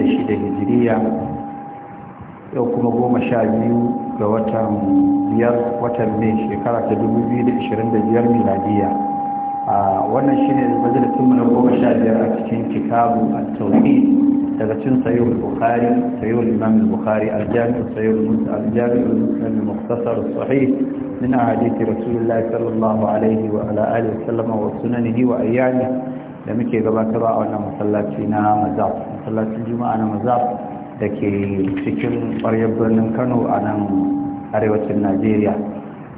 shida hijiriya yau kuma goma sha biyu ga watan biyar watan mai shekara ta biyar miladiya a wannan shi ne majalisunmu na goma sha biyar a cikin kitabu a tauri daga cin sayo bukari sayo imam bukari aljami'u sayo aljami'u muslim muktasar sahi nuna hadithi rasulullah sallallahu alaihi wa ala alihi wa sallama wa sunanihi wa ayyani da muke gabatarwa a wannan masallaci na mazaf masallacin juma'a na mazaf da ke cikin ƙwaryar birnin kano a nan arewacin najeriya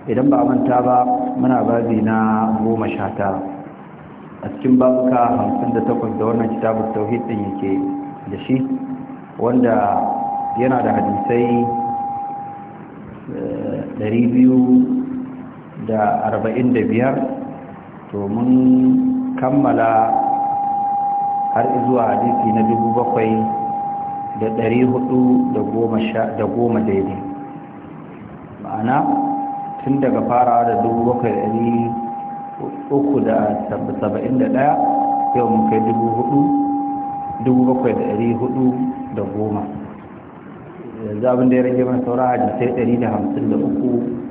idan ba manta ba muna babi na goma sha tara a cikin babuka hamsin da takwas da wannan kitabun tauhid ɗin yake da shi wanda yana da hadisai eh, ɗari biyu da da arba'in biyar to mun kammala har zuwa hadisi na dubu bakwai da ɗari hudu da goma daidai ma'ana tun daga farawa da dubu bakwai da ɗari uku da saba'in da ɗaya yau mun kai dubu hudu dubu bakwai da ɗari hudu da goma yanzu abin da ya rage mana sauran hadisai ɗari da hamsin da uku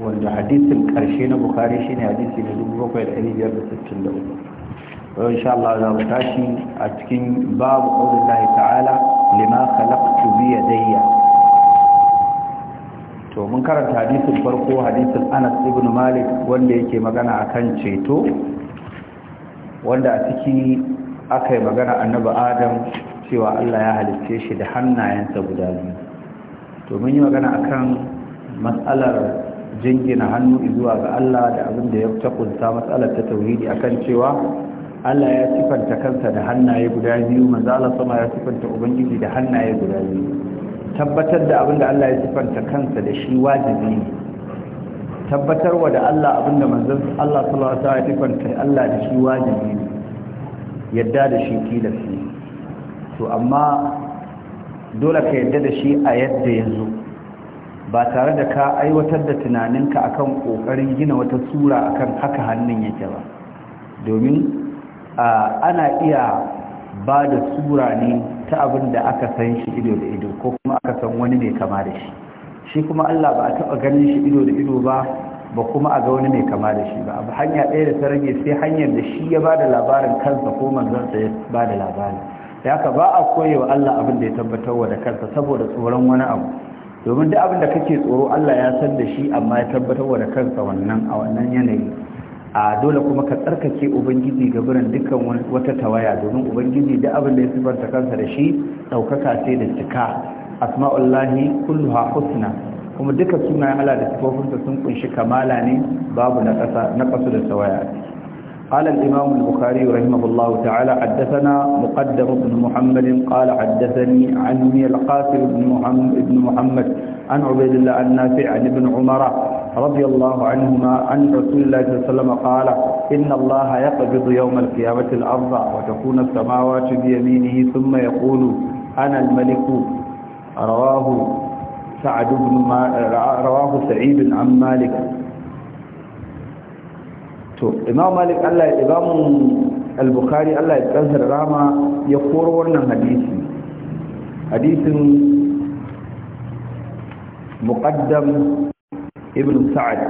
wanda hadisin karshe na bukari shine hadisi na 7563 in sha Allah za mu tashi a cikin babu qaulillahi ta'ala lima khalaqtu bi yadayya to mun karanta hadisin farko hadisin Anas ibn Malik wanda yake magana akan ceto wanda a ciki aka yi magana annabi Adam cewa Allah ya halicce shi da hannayensa guda biyu to mun yi magana akan matsalar jingina hannu zuwa ga Allah da abin da ya takunta matsalar ta tauhidi akan cewa Allah ya sifanta kansa da hannaye guda biyu manzo Allah sama ya sifanta ubangiji da hannaye guda biyu tabbatar da abin da Allah ya sifanta kansa da shi wajibi ne tabbatarwa da Allah abin da manzo Allah sallallahu alaihi wasallam ya sifanta Allah da shi wajibi ne yadda da shi tilas ne to amma dole ka yadda da shi a yadda yanzu ba tare da ka aiwatar da tunaninka akan kokarin gina wata sura akan haka hannun yake ba domin ana iya ba da sura ne ta abin da aka san shi ido da ido ko kuma aka san wani mai kama da shi shi kuma Allah ba a taɓa ganin shi ido da ido ba ba kuma a ga wani mai kama da shi ba abu hanya ɗaya da ta rage sai hanyar da shi ya ba da labarin kansa ko manzansa ya ba da labarin da haka ba a koyewa Allah abin da ya tabbatar wa da kansa saboda tsoron wani abu domin duk abin da kake tsoro Allah ya san da shi amma ya tabbatar wa da kansa wannan a wannan yanayi a dole kuma ka tsarkake ubangiji ga biran dukkan wata tawaya domin ubangiji duk abin da ya sifanta kansa da shi ɗaukaka sai da cika asma'ullahi kulluha husna kuma duka sunayen Allah da sifofinsa sun kunshi kamala ne babu na ƙasa da tawaya قال الإمام البخاري رحمه الله تعالى حدثنا مقدم بن محمد قال حدثني عن القاسم بن محمد, بن محمد عن عبيد الله النافع عن ابن عمر رضي الله عنهما عن رسول الله صلى الله عليه وسلم قال إن الله يقبض يوم القيامة الأرض وتكون السماوات بيمينه ثم يقول أنا الملك رواه سعد بن رواه سعيد عن مالك to imam malik allah ya imam al-bukhari allah ya kansar rama ya koro wannan hadisi hadisin muqaddam ibn sa'ad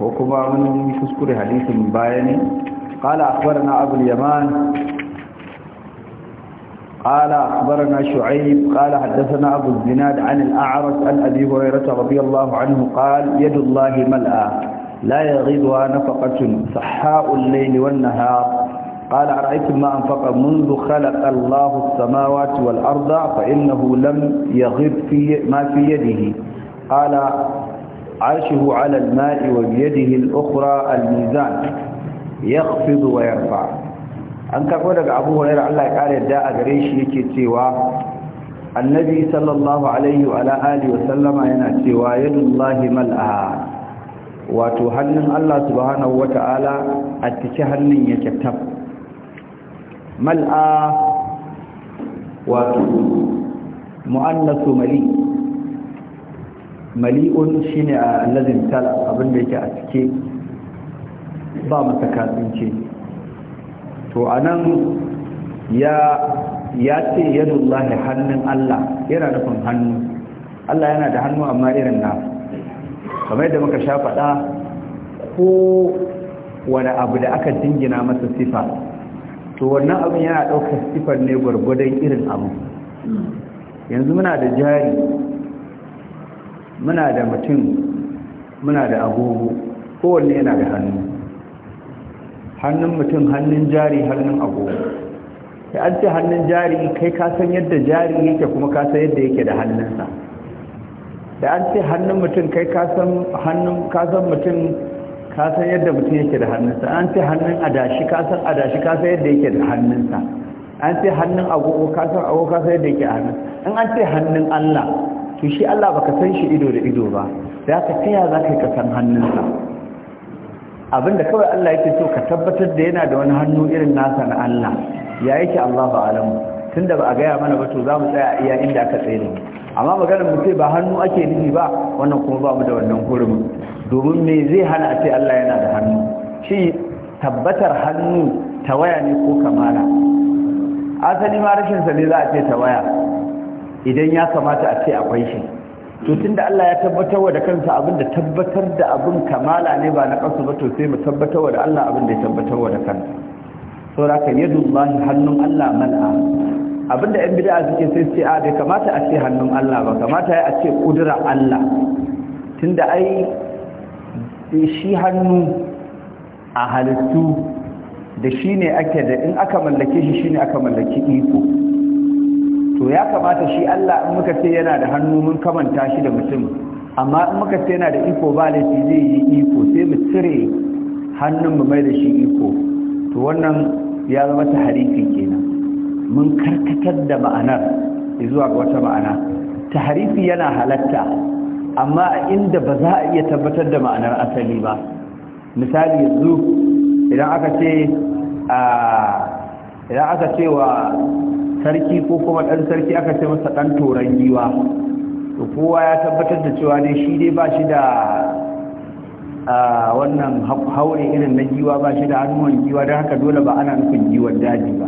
ko kuma mun kuskure hadisin bayani قال أخبرنا أبو اليمان قال أخبرنا شعيب قال حدثنا أبو الزناد عن الأعرج عن أبي هريرة رضي الله عنه قال يد الله ملأى لا يغيضها نفقة صحاء الليل والنهار قال أرأيتم ما أنفق منذ خلق الله السماوات والأرض فإنه لم يغب في ما في يده قال عرشه على الماء وبيده الأخرى الميزان يخفض ويرفع an karbo daga abu hurairah Allah ya ƙara yadda a gare shi yake cewa annabi sallallahu alaihi wa ala alihi wa sallama yana cewa yadullahi mal'a wato hannun Allah subhanahu ta'ala a cike hannun yake tab mal'a wato mu'annasu mali mali'un shine allazin tala abinda yake a cike ba masa katsince to anan ya ya ce yadullahi hannun Allah yana nufin hannu Allah yana da hannu amma irin na kamar yadda muka sha faɗa ko wani abu da aka dingina masa sifa to wannan abin yana ɗaukar sifar ne gwargwadon irin abu yanzu muna da jari muna da mutum muna da agogo kowanne yana da hannu hannun mutum hannun jari hannun agogo ya an ce hannun jari kai ka san yadda jari yake kuma ka san yadda yake da hannunsa da an ce hannun mutum kai ka san hannun ka san mutum ka san yadda mutum yake da hannunsa an ce hannun adashi ka san adashi ka san yadda yake da hannunsa an ce hannun agogo ka san agogo ka san yadda yake da hannunsa in an ce hannun Allah to shi Allah baka san shi ido da ido ba da haka ta ya za ka san hannunsa Abin da kawai Allah yake so ka tabbatar da yana da wani hannu irin nasa na Allah ya yake Allah ba alamu tunda ba a gaya mana ba to za mu tsaya iya inda aka tsaye amma maganar mu ce ba hannu ake nufi ba wannan kuma ba mu da wannan hurumin domin me zai hana a ce Allah yana da hannu shi tabbatar hannu ta waya ne ko kamala asali ma rashin sa ne za a ce waya idan ya kamata a ce akwai shi to tunda Allah ya tabbatar da kansa abin da tabbatar da abin kamala ne ba na kansu ba to sai mu tabbatar da Allah abin da ya tabbatar da kansa saboda kan yadullahi hannun Allah mal'a abinda yan bid'a suke sai sai a bai kamata a ce hannun Allah ba kamata a ce kudura Allah tunda ai shi hannu a halittu da shi ake da in aka mallake shi shine aka mallaki iko to ya kamata shi Allah in muka ce yana da hannu mun kamanta shi da mutum amma in muka ce yana da iko ba laifi zai yi iko sai mu cire hannun mu mai da shi iko to wannan ya zama ta harifi kenan mun karkatar da ma'anar zuwa ga wata ma'ana ta harifi yana halatta amma inda ba za a iya tabbatar da ma'anar asali ba misali yanzu idan aka ce idan aka ce wa sarki ko kuma ɗan sarki aka ce masa ɗan toron giwa to kowa ya tabbatar da cewa ne shi dai ba shi da wannan haure irin na giwa ba shi da hannuwan giwa don haka dole ba ana nufin giwan daji ba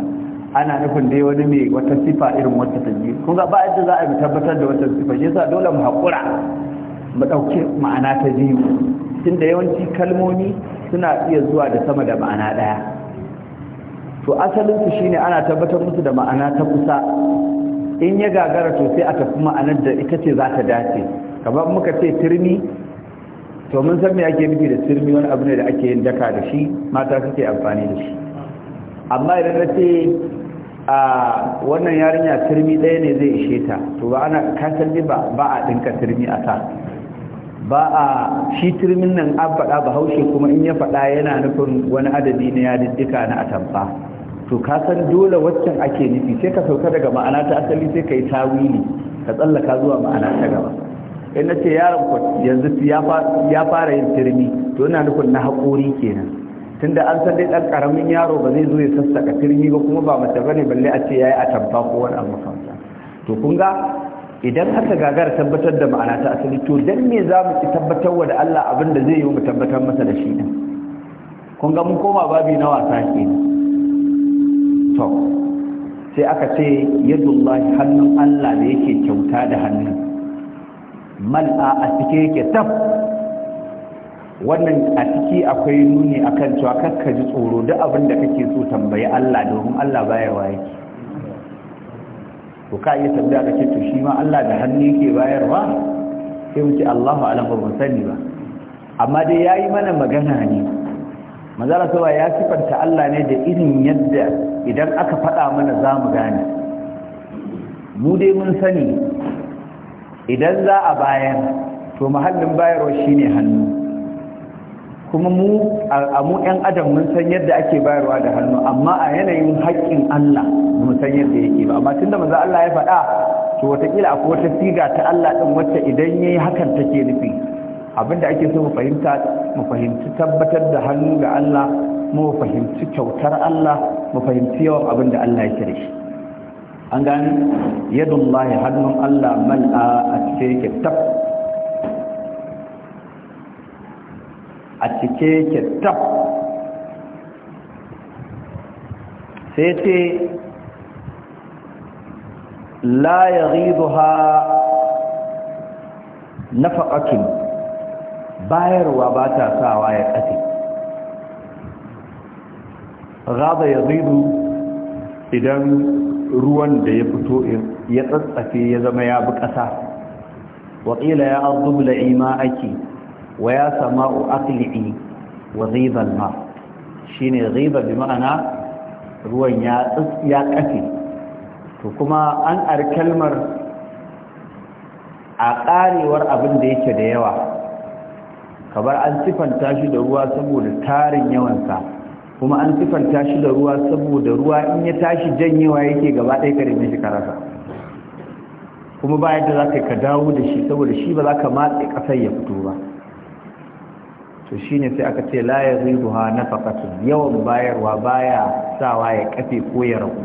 ana nufin dai wani mai wata sifa irin wata taji kun ga ba da za a bi tabbatar da wata sifa shi yasa dole mu haƙura mu ɗauki ma'ana ta biyu tunda yawanci kalmomi suna iya zuwa da sama da ma'ana ɗaya to asalinsu su shine ana tabbatar musu da ma'ana ta kusa in ya gagara to sai a tafi ma'anar da ita ce za ta dace kamar muka ce turmi to mun san me ake nufi da turmi wani abu ne da ake yin daka da shi mata suke amfani da shi amma idan na ce a wannan yarinya turmi ɗaya ne zai ishe ta to ba ana kasan ba ba a ɗinka turmi a ta ba a shi turmin nan an faɗa bahaushe kuma in ya faɗa yana nufin wani adadi na yadiddika na atamfa to ka san dole waccan ake nufi sai ka sauka daga ma'ana ta asali sai ka yi tawili ka tsallaka zuwa ma'ana ta gaba in na ce yaron ku yanzu ya fara yin turmi to ina nufin na haƙori kenan tunda an san dai ɗan ƙaramin yaro ba zai zo ya sassaka turmi ba kuma ba mace bane balle a ce yayi atamfa ko wani abu kamta to kun ga idan aka gagara tabbatar da ma'ana ta asali to dan me za mu ki tabbatar wa da Allah abin da zai yi mu tabbatar masa da shi din kun ga mun koma babi na wasa kenan to sai aka ce yadullahi hannun Allah da yake kyauta da hannu mal'a a cike yake taf wannan a ciki akwai nuni akan cewa kakka ji tsoro da abin da kake so tambayi Allah domin Allah baya waye to ka iya tambaya kake to shi ma Allah da hannu yake bayarwa sai mu Allahu a'lam ba sani ba amma dai ya yi mana magana ne Mazara sawa ya sifanta Allah ne da irin yadda idan aka faɗa mana za mu gane mu dai mun sani idan za a bayan to mahallin bayarwa shine hannu kuma mu a mu ɗan adam mun san yadda ake bayarwa da hannu amma a yanayin haƙƙin Allah mun san yadda yake ba amma tunda manzo Allah ya faɗa to wataƙila akwai wata siga ta Allah ɗin wacce idan yayi hakan take nufi abinda ake so mu fahimta mu fahimci tabbatar da hannu ga Allah mu fahimci kyautar Allah mu fahimci yawan abin da Allah yake da shi an gani yadullahi hannun Allah mal'a a cike yake tab a cike yake tab sai ce la yaghiduha nafaqatun bayarwa ba ta sawa ya ƙafe gaba ya zidu idan ruwan da ya fito ya tsatsafe ya zama ya bi ƙasa waƙila ya arzubla ima ake wa ya sama'u akli'i wa zizan ma shi ne ziba bi ma'ana ruwan ya ƙafe to kuma an ar kalmar a ƙarewar abin da yake da yawa kabar an sifanta shi da ruwa saboda tarin yawansa kuma an sifanta shi da ruwa saboda ruwa in ya tashi janyewa yake gaba ɗaya ka reme shi karasa kuma ba yadda za ka ka dawo da shi saboda shi ba za ka matse ƙasar ya fito ba to shi ne sai aka ce layar zuwa na faƙatun yawan bayarwa baya sawa ya kafe ko ya ragu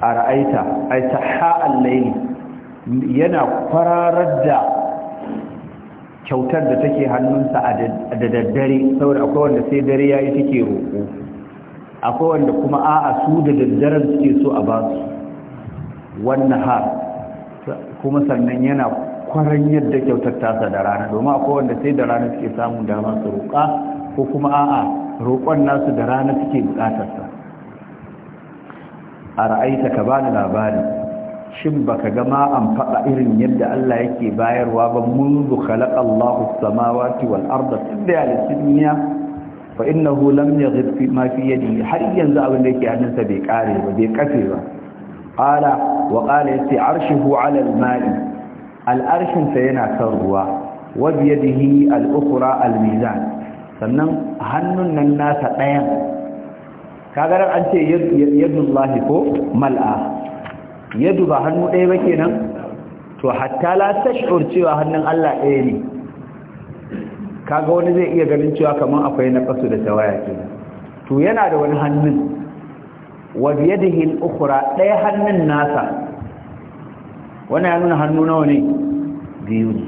a ra'aita a ta ha'an laili yana kwararar da kyautar da take hannunsa a da daddare saboda akwai wanda sai dare ya yi take roƙo akwai wanda kuma a'a su da daddaren suke so a ba su wannan har kuma sannan yana kwaran yadda kyautar tasa da rana domin akwai wanda sai da rana suke samun dama su roƙa ko kuma a'a roƙon nasu da rana suke buƙatarsa a ra'ayi ta ka bani labari shin baka ga ma an faɗa irin yadda Allah yake bayarwa ba منذ خلق الله السماوات والأرض tunda ya lissi duniya fa innahu lam yaghib ma fi yadihi har yanzu abin da yake sa bai kare ba bai kafe ba qala wa qala yasi arshuhu ala al-ma'i al-arshin sa yana kan ruwa wa bi yadihi al-ukhra al-mizan sannan hannun nan nasa ɗayan kagarar an ce yadullahi ko mal'a yadu ba hannu ɗaya ba kenan to hatta la shi'ur cewa hannun Allah ɗaya ne kaga wani zai iya ganin cewa kaman akwai na ƙasu da tawaya kenan to yana da wani hannun wa biyadihi hin ukura ɗaya hannun nasa Wani ya nuna hannu nawa ne biyu ne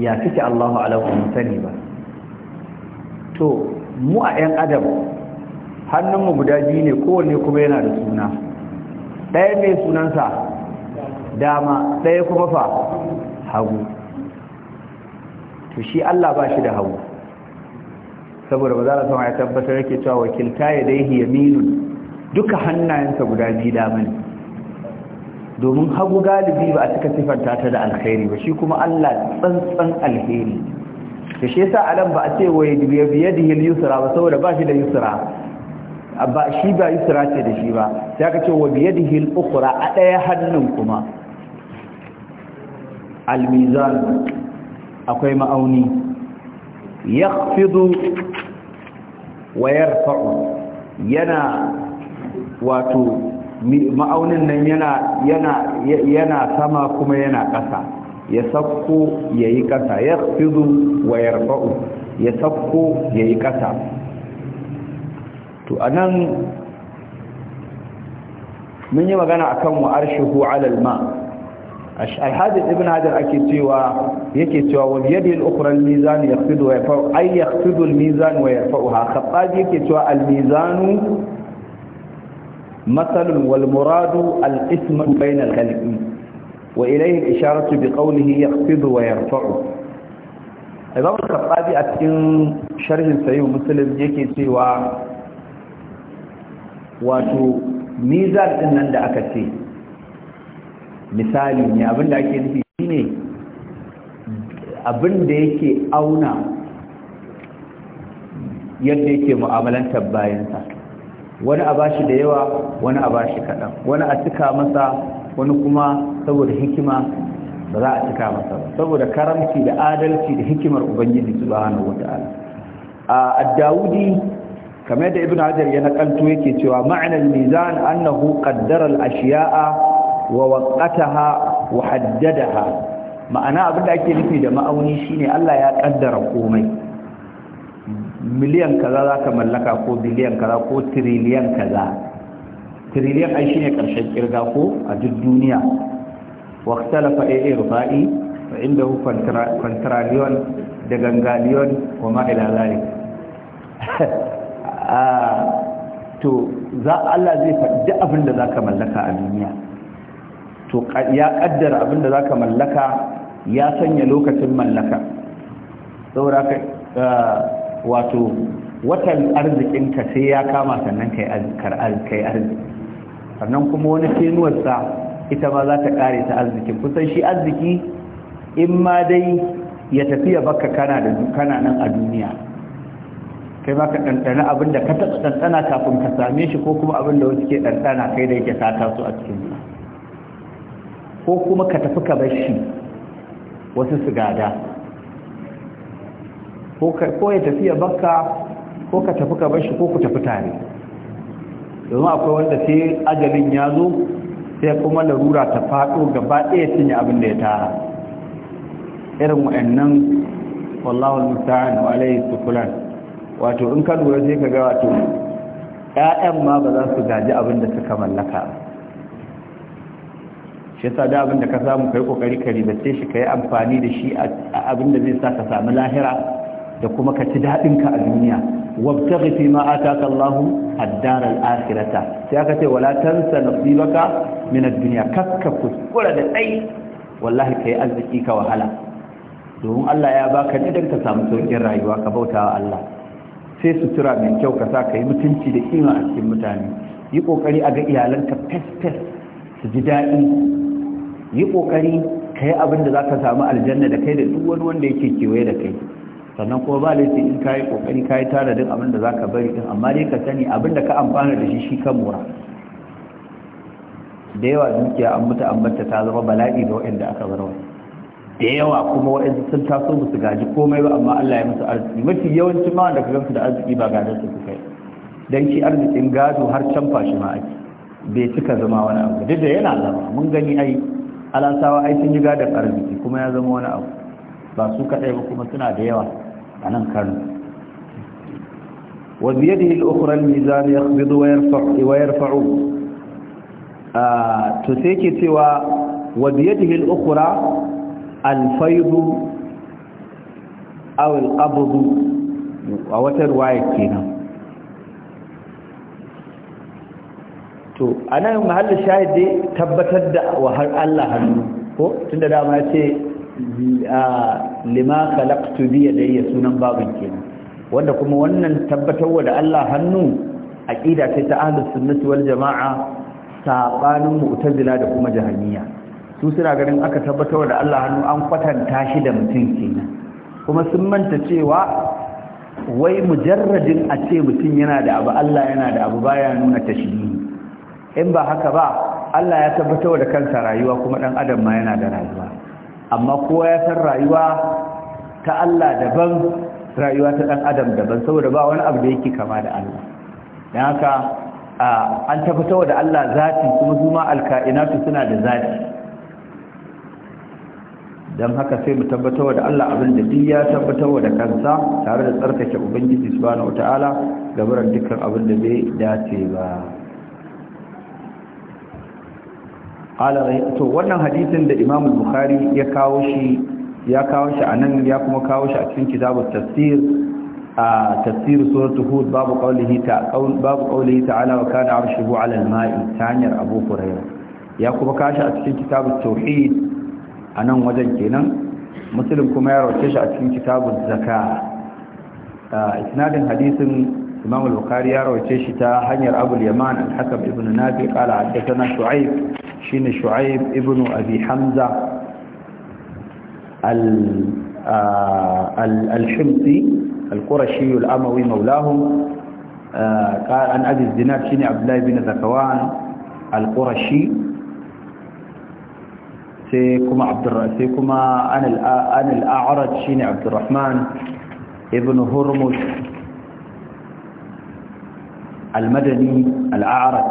ya kike Allahu kuma sani ba to mu a 'yan adam hannunmu guda biyu ne kowanne kuma yana da suna ɗaya mai sunansa dama ɗaya kuma fa hagu to shi Allah ba shi da hagu saboda ba za a sama ya tabbatar yake cewa wakilta ya daihi yaminun duka hannayensa guda biyu dama ne domin hagu galibi ba a cika sifanta ta da alkhairi ba shi kuma Allah tsantsan alheri da shi yasa alam ba a ce wa yadiya biyadihi al-yusra ba saboda ba shi da yusra ba shi ba yusra ce da shi ba sai aka ce wa biyadihi al-ukhra a ɗaya hannun kuma al-mizan akwai ma'auni yakhfidu wayar yarfa'u yana wato ma'aunin nan yana yana yana sama kuma yana ƙasa ya sakko yayi ƙasa yakhfidu wayar yarfa'u ya sakko yayi ƙasa to anan mun yi magana akan wa arshuhu ala alma al-hadith ibn hajar ake cewa yake cewa wal yadi al-ukhra al-mizan yakhfidu wa yarfa'u ay yakhfidu al-mizan wa yarfa'uha khattabi yake cewa al-mizanu مثل والمراد الاسم بين الخلق وإليه الإشارة بقوله يخفض ويرفع إمام الخطابي أتين شرح سيد مسلم يكي سوى wato mizan din nan da aka ce misali ne abinda ake nufi shine abinda yake auna yadda yake mu'amalantar bayansa wani a bashi da yawa wani a bashi kaɗan wani a cika masa wani kuma saboda hikima ba za a cika masa ba saboda karamci da adalci da hikimar ubangiji subhanahu wata'ala a addawudi kamar da ibn hajar ya nakalto yake cewa ma'anar mizan annahu qaddara al-ashiya'a wa waqataha wa haddadaha ma'ana abin da ake nufi da ma'auni shine Allah ya kaddara komai miliyan kaza ka mallaka ko biliyan kaza ko triliyan kaza triliyan ai shine karshen kirga ko a duk duniya wa ikhtalafa ai irfa'i fa indahu kontraliyon da gangaliyon wa ma ila zalik to za Allah zai faɗi abin da zaka mallaka a duniya to ya kaddara abin da zaka mallaka ya sanya lokacin mallaka saboda ka wato watan arzikinka sai ya kama sannan kai arziki sannan kuma wani tenuwarsa ita ma za ta kare ta arziki kusan shi arziki in ma dai ya tafiya baka kana da kana nan a duniya kai ma ka ɗanɗana abin da ka taɓa ɗanɗana kafin ka same shi ko kuma abin da wasu ke ɗanɗana kai da yake sata su a cikin ko kuma ka tafi ka bar shi wasu su gada ko ya tafi ya baka ko ka tafi ka bar shi ko ku tafi tare domin akwai wanda sai ajalin ya zo sai kuma larura ta faɗo gaba ɗaya cinye abin da ya tara irin wa'annan wallahul musta'an wa alayhi sukulan wato in ka lura sai ka ga wato ƴaƴan ma ba za su gaji abin da suka mallaka shi yasa da abin da ka samu kai kokari ka ribace shi kai amfani da shi a abin da zai sa ka samu lahira da kuma ka ci dadin ka a duniya wabtaghi fi ma ataka allahu ad-dar al-akhirata sai aka ce wala tansa nasibaka min ad-dunya kakka kuskura da dai wallahi kai arziki ka wahala domin Allah ya baka ne don ka samu saukin rayuwa ka bautawa Allah sai sutura mai kyau ka sa ka yi mutunci da kima a cikin mutane yi kokari a ga iyalanka fes su ji daɗi yi kokari ka yi abin da za ka samu aljanna da kai da duk wani wanda yake kewaye da kai sannan kuma ba laifi in ka yi kokari ka yi tanadin abin da za ka bari din amma dai ka sani abin da ka amfana da shi shi kan mura da yawa dukiya an mutu an ta zama bala'i ga waɗanda aka bar wani. da yawa kuma waɗansu sun taso ba su gaji komai ba amma Allah ya musu arziki mafi yawancin ma da kaga su da arziki ba gadon su suka yi dan shi arzikin gado har can fashi ma ake bai cika zama wani abu duk da yana zama mun gani ai alasawa ai sun yi gadon arziki kuma ya zama wani abu ba su kaɗai ba kuma suna da yawa a nan kano وبيده الأخرى الميزان to sai ke cewa تسيكي سوى وبيده الأخرى alfaidu awil abudu a wata ruwaya kenan to anan mahallin shahidi tabbatar da wahar Allah hannu ko tunda dama ce lima khalaqtu bi yadayya sunan babin kenan wanda kuma wannan tabbatarwa da Allah hannu aqida ta ahlus sunnati wal jamaa saɓanin mu'tazila da kuma jahanniya. su suna ganin aka tabbatar da Allah hannu an kwatanta shi da mutum kenan kuma sun manta cewa wai mujarradin a ce mutum yana da abu Allah yana da abu baya nuna tashihi in ba haka ba Allah ya tabbatar da kansa rayuwa kuma dan adam ma yana da rayuwa amma kowa ya san rayuwa ta Allah daban rayuwa ta dan adam daban saboda ba wani abu da yake kama da Allah dan haka an tabbatar da Allah zati kuma zuma alka'inatu suna da zati don haka sai mu tabbatar da Allah abin da duk ya tabbatar da kansa tare da tsarkake ubangiji subhanahu wataala gabaran dukkan abin da bai dace ba to wannan hadisin da imam bukhari ya kawo shi ya kawo shi anan ya kuma kawo shi a cikin kitabut tafsir a tafsir suratul hud babu qawlihi ta babu qawlihi ta'ala wa kana arshuhu 'ala al-ma'i ta hanyar abu hurairah ya kuma kawo shi a cikin kitabut tauhid a nan wajen kenan Musulun kuma ya rauce shi a cikin kitabun zaka isnadin hadisin imam al-bukhari ya rauce shi ta hanyar abul yaman al-hakam ibn Nabi qala haddathana shu'aib shine shu'aib ibn abi hamza al-himsi al-qurashi al-amawi maulahum قال عن أبي الزناد شني عبد الله بن ذكوان القرشي سيكما عبد الرحمن سيكما أنا, أنا الأعرج شيني عبد الرحمن ابن هرمز المدني الأعرج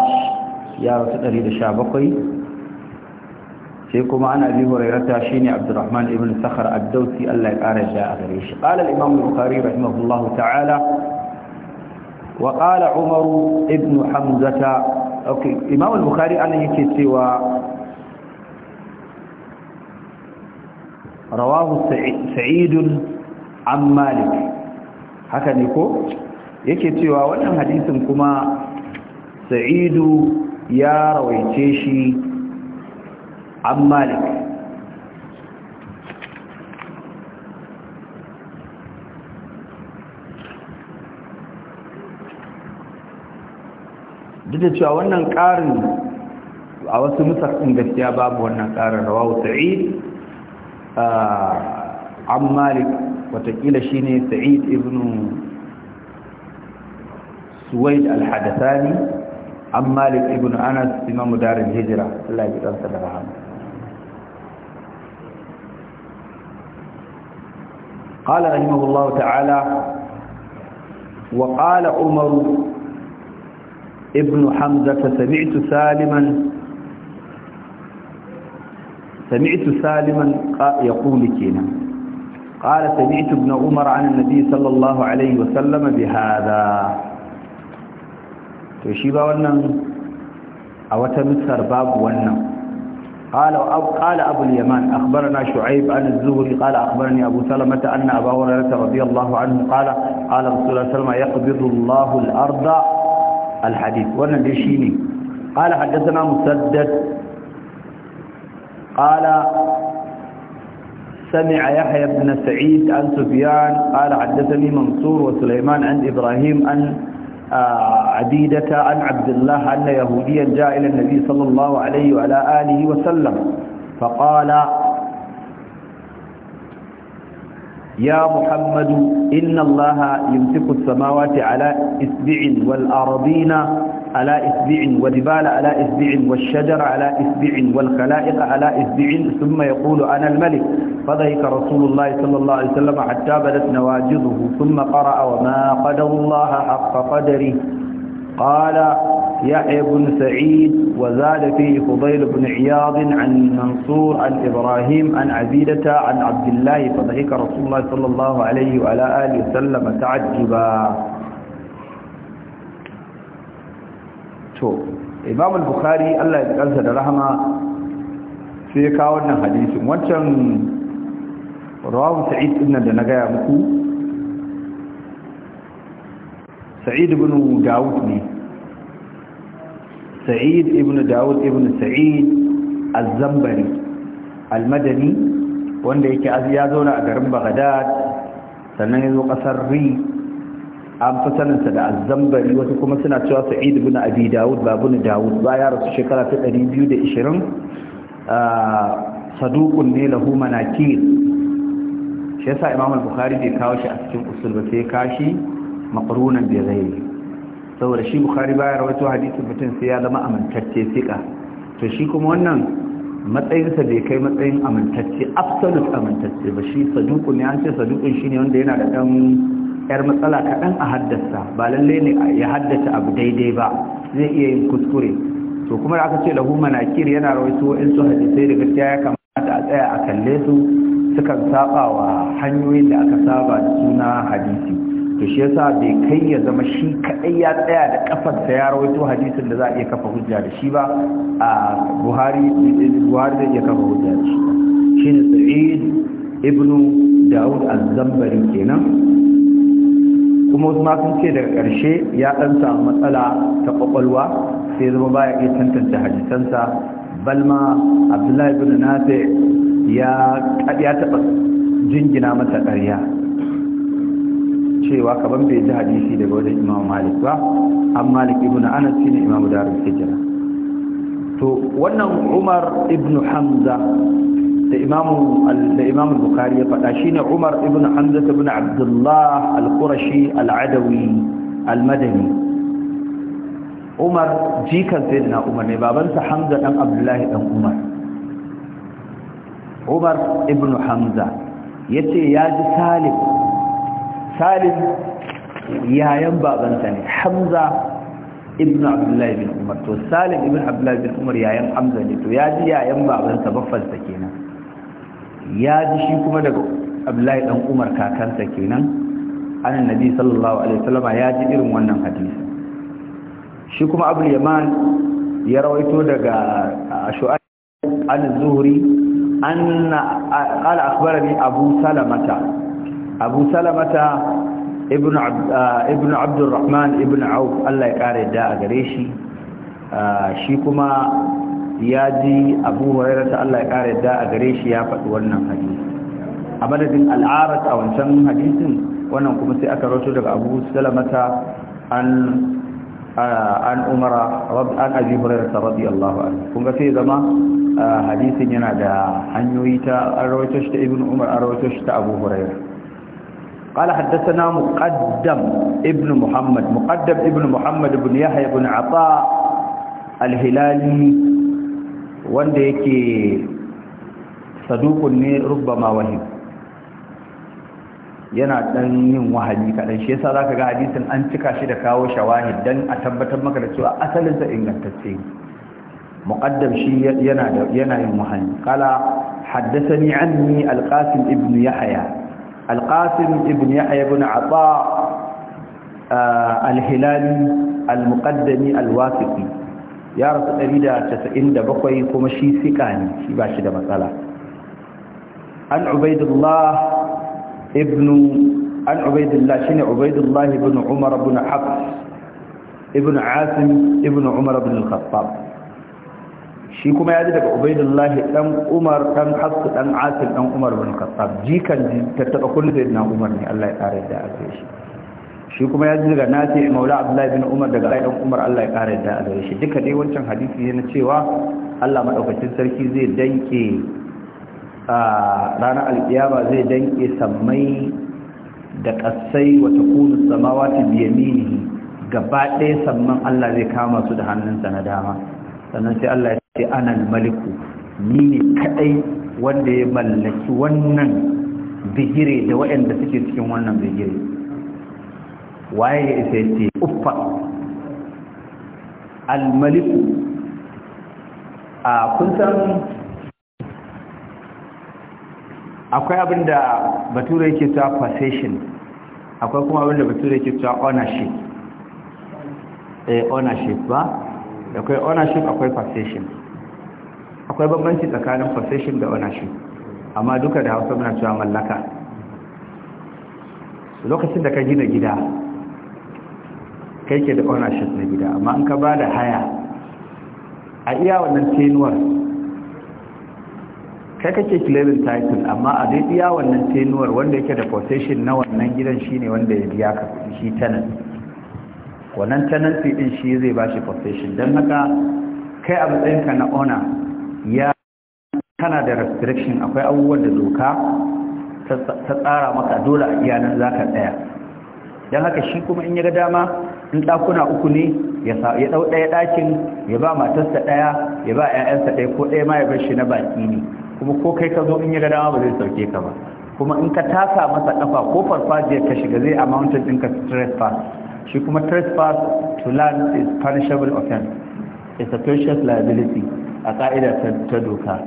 يا رسول الله لشابقي سيكما أنا أبي هريرة شيني عبد الرحمن ابن سخر الدوسي الله يقارج يا أغريش قال الإمام البخاري رحمه الله تعالى وقال عمر ابن حمزة أوكي. الإمام البخاري أنا يكي سوى rawahu sa'idun an malik haka ne ko yake cewa wannan hadisin kuma sa'idu ya rawaice shi an malik duk da cewa wannan ƙarin a wasu musakin gaskiya babu wannan ƙarin rawahu sa'id an malik watakila shi ne sa'id ibn suwaid al-hadathani an malik ibn anas imamu darin hijira Allah ya ɗansa da rahama قال رحمه الله تعالى وقال عمر ابن حمزة سمعت سالما سمعت سالما يقول kenan قال سمعت ابن عمر عن النبي صلى الله عليه وسلم بهذا تشيبا ونن او تمسر باب ونن قال قال ابو اليمان اخبرنا شعيب عن الزهري قال اخبرني ابو سلمة ان ابا هريره رضي الله عنه قال قال رسول الله صلى الله عليه وسلم يقبض الله الارض الحديث وانا دي قال حدثنا مسدد قال سمع يحيى بن سعيد عن سفيان قال حدثني منصور وسليمان عن إبراهيم عن آه، عبيدة عن عبد الله أن يهوديا جاء إلى النبي صلى الله عليه وعلى آله وسلم فقال يا محمد إن الله يمسك السماوات على إسبع والأرضين على إسبع والجبال على إسبع والشجر على إسبع والخلائق على إسبع ثم يقول أنا الملك فضحك رسول الله صلى الله عليه وسلم حتى بدت نواجذه ثم قرأ وما قدر الله حق قدره قال يحيى بن سعيد وزاد فيه فضيل بن عياض عن منصور عن إبراهيم عن عبيدة عن عبد الله فضحك رسول الله صلى الله عليه وعلى آله وسلم تعجبا to imam al-bukhari Allah ya kansa da rahama sai ya kawo wannan hadisin wancan rawu sa'id ibn da na gaya muku sa'id ibn daud ne sa'id ibn daud ibn sa'id al-zambari al-madani wanda yake ya zauna a garin baghdad sannan ya zo kasar ri an fi saninsa da azambari wasu kuma suna cewa sa'id ibn abi dawud babu na dawud ba ya rasu shekara ta 220 ah, saduqun ne lahu manakir shi yasa imam al-bukhari bai kawo shi a cikin usul ba sai kashi maqrunan bi ghairi saboda shi bukhari baya rawaito hadisin mutum sai ya zama amintacce fiqa to shi kuma wannan matsayinsa bai kai matsayin amintacce absolute amintacce ba shi saduqun ne an ce saduqun shine wanda yana da dan yar matsala kaɗan a haddasa ba lalle ne ya haddasa abu daidai ba zai iya yin kuskure to kuma da aka ce lahu manakir yana rawaito in su hadisai da gaskiya ya kamata a tsaya a kalle su sukan saba wa hanyoyin da aka saba da suna hadisi to shi yasa bai kai ya zama shi kaɗai ya tsaya da kafarsa ya rawaito hadisin da za a iya kafa hujja da shi ba a buhari buhari zai iya kafa hujja da shi shi ne sa'id ibnu daud az-zambari kenan kuma wasu sun ce daga ƙarshe ya ɗan samu matsala ta ƙwaƙwalwa sai zama baya iya tantance hadisansa balma abdullahi bin nafi ya taɓa jingina masa ƙarya cewa kaban bai ji hadisi daga wajen imam malik ba an malik ibn anas shine imam darul hijra to wannan umar ibn hamza da imamu bukari ya faɗa shi ne umar ibn hamza ibn abdullah al-qurashi al-adawi al-madani umar jikan sai na umar ne babansa hamza dan abdullahi dan umar umar ibn hamza ya ce ya ji salim salim yayan babansa ne hamza ibn abdullahi bin umar to salim ibn abdullahi bin umar yayan hamza ne to ya ji yayan babansa baffansa kenan ya ji shi kuma daga abdullahi dan umar kakansa kenan anan nabi sallallahu alaihi wasallama ya ji irin wannan hadisi shi kuma abul yaman ya rawaito daga shu'aib al zuhri anna qala akhbarani abu salamata abu salamata ibn ibn abdurrahman ibn auf Allah ya kare da gare shi shi kuma ya ji abu hurairar ta Allah ya ƙara yadda a gare shi ya faɗi wannan hadisi a madadin al'arat a wancan hadisin wannan kuma sai aka rato daga abu salamata an an umara an abi hurairar ta radiyallahu anhu kun ga sai zama hadisin yana da hanyoyi ta an rawaito shi ta ibnu umar an rawaito shi ta abu hurairar قال حدثنا مقدم ابن محمد مقدم ابن محمد بن يحيى بن عطاء الهلالي wanda yake sadukun ne ma wahim yana dan yin wahali kadan shi yasa zaka ga hadisin an cika shi da kawo shawahid dan a tabbatar maka da cewa asalin sa ingantacce muqaddam shi yana da yana yin wahali qala haddathani anni alqasim ibn yahya alqasim ibn yahya ibn ata alhilali almuqaddami alwasiqi ya rasu 197 kuma shi siƙa ne shi ba shi da matsala an ubaidullah ibn an ubaidullah shine ubaidullah ibn umar ibn hafs ibn asim ibn umar ibn al-khattab shi kuma ya ji daga ubaidullah dan umar dan hafs dan asim dan umar ibn al-khattab jikan tattaba kullu sayyidina umar ne Allah ya kare da shi shi kuma ya ji daga ce, maula abdullahi bin umar daga ɗan umar allah ya ƙara yadda a gare shi duka dai wancan hadisi ne na cewa allah maɗaukacin sarki zai danke a ranar alƙiyama zai danke sammai da ƙasai wata kunu samawa ta biyamini gaba ɗaya samman allah zai kama su da hannunsa na dama sannan sai allah ya ce anan maliku ni ne kaɗai wanda ya mallaki wannan bigire da waɗanda suke cikin wannan bigire waye ya isa ce uffa almaliku a kun san akwai abinda bature yake ta possession akwai kuma abinda bature yake ta ownership eh ownership ba akwai ownership akwai possession akwai bambanci tsakanin possession da ownership amma duka da hausa muna cewa mallaka lokacin da ka gina gida kai ke da ownership na gida amma an ka ba da haya a iya wannan tenuwar kai kake claiming title amma a dai iya wannan tenuwar wanda yake da possession na wannan gidan shine wanda ya biya ka shi tenant wannan tenant din shi zai ba shi possession don haka kai a matsayinka na owner ya kana da restriction akwai abubuwan da doka ta tsara maka dole a iyanan za ka tsaya don haka shi kuma in ya ga dama in ɗakuna uku ne ya ɗau ɗaya ɗakin ya ba matarsa ɗaya ya ba 'ya'yansa ɗaya ko ɗaya ma ya bar shi na baki ne kuma ko kai ka zo in ya ga ba zai sauke ka ba kuma in ka tasa masa ɗafa ko farfajiyar ka shiga zai amounted ka trespass shi kuma trespass to land is punishable offense is a precious liability a ƙa'ida ta doka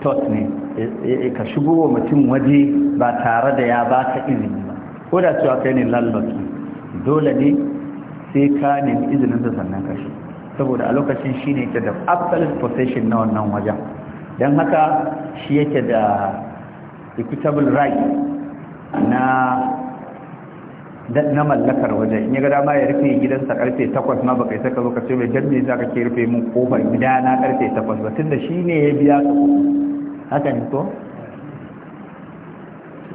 tot ne e, e, e, ka shigo wa mutum waje ba tare da ya ba ka izini ba ko da cewa kai ne lalbaki dole ne sai ka nemi izinin sa sannan kashi saboda a lokacin shine yake da absolute possession na wannan wajen Don haka shi yake da equitable right na na mallakar waje in yaga dama ya rufe gidansa karfe 8 ma baka isa ka zo ka ce mai dan za ka ke rufe mun kofar gidana karfe 8 ba tunda shine ya biya ka haka ne to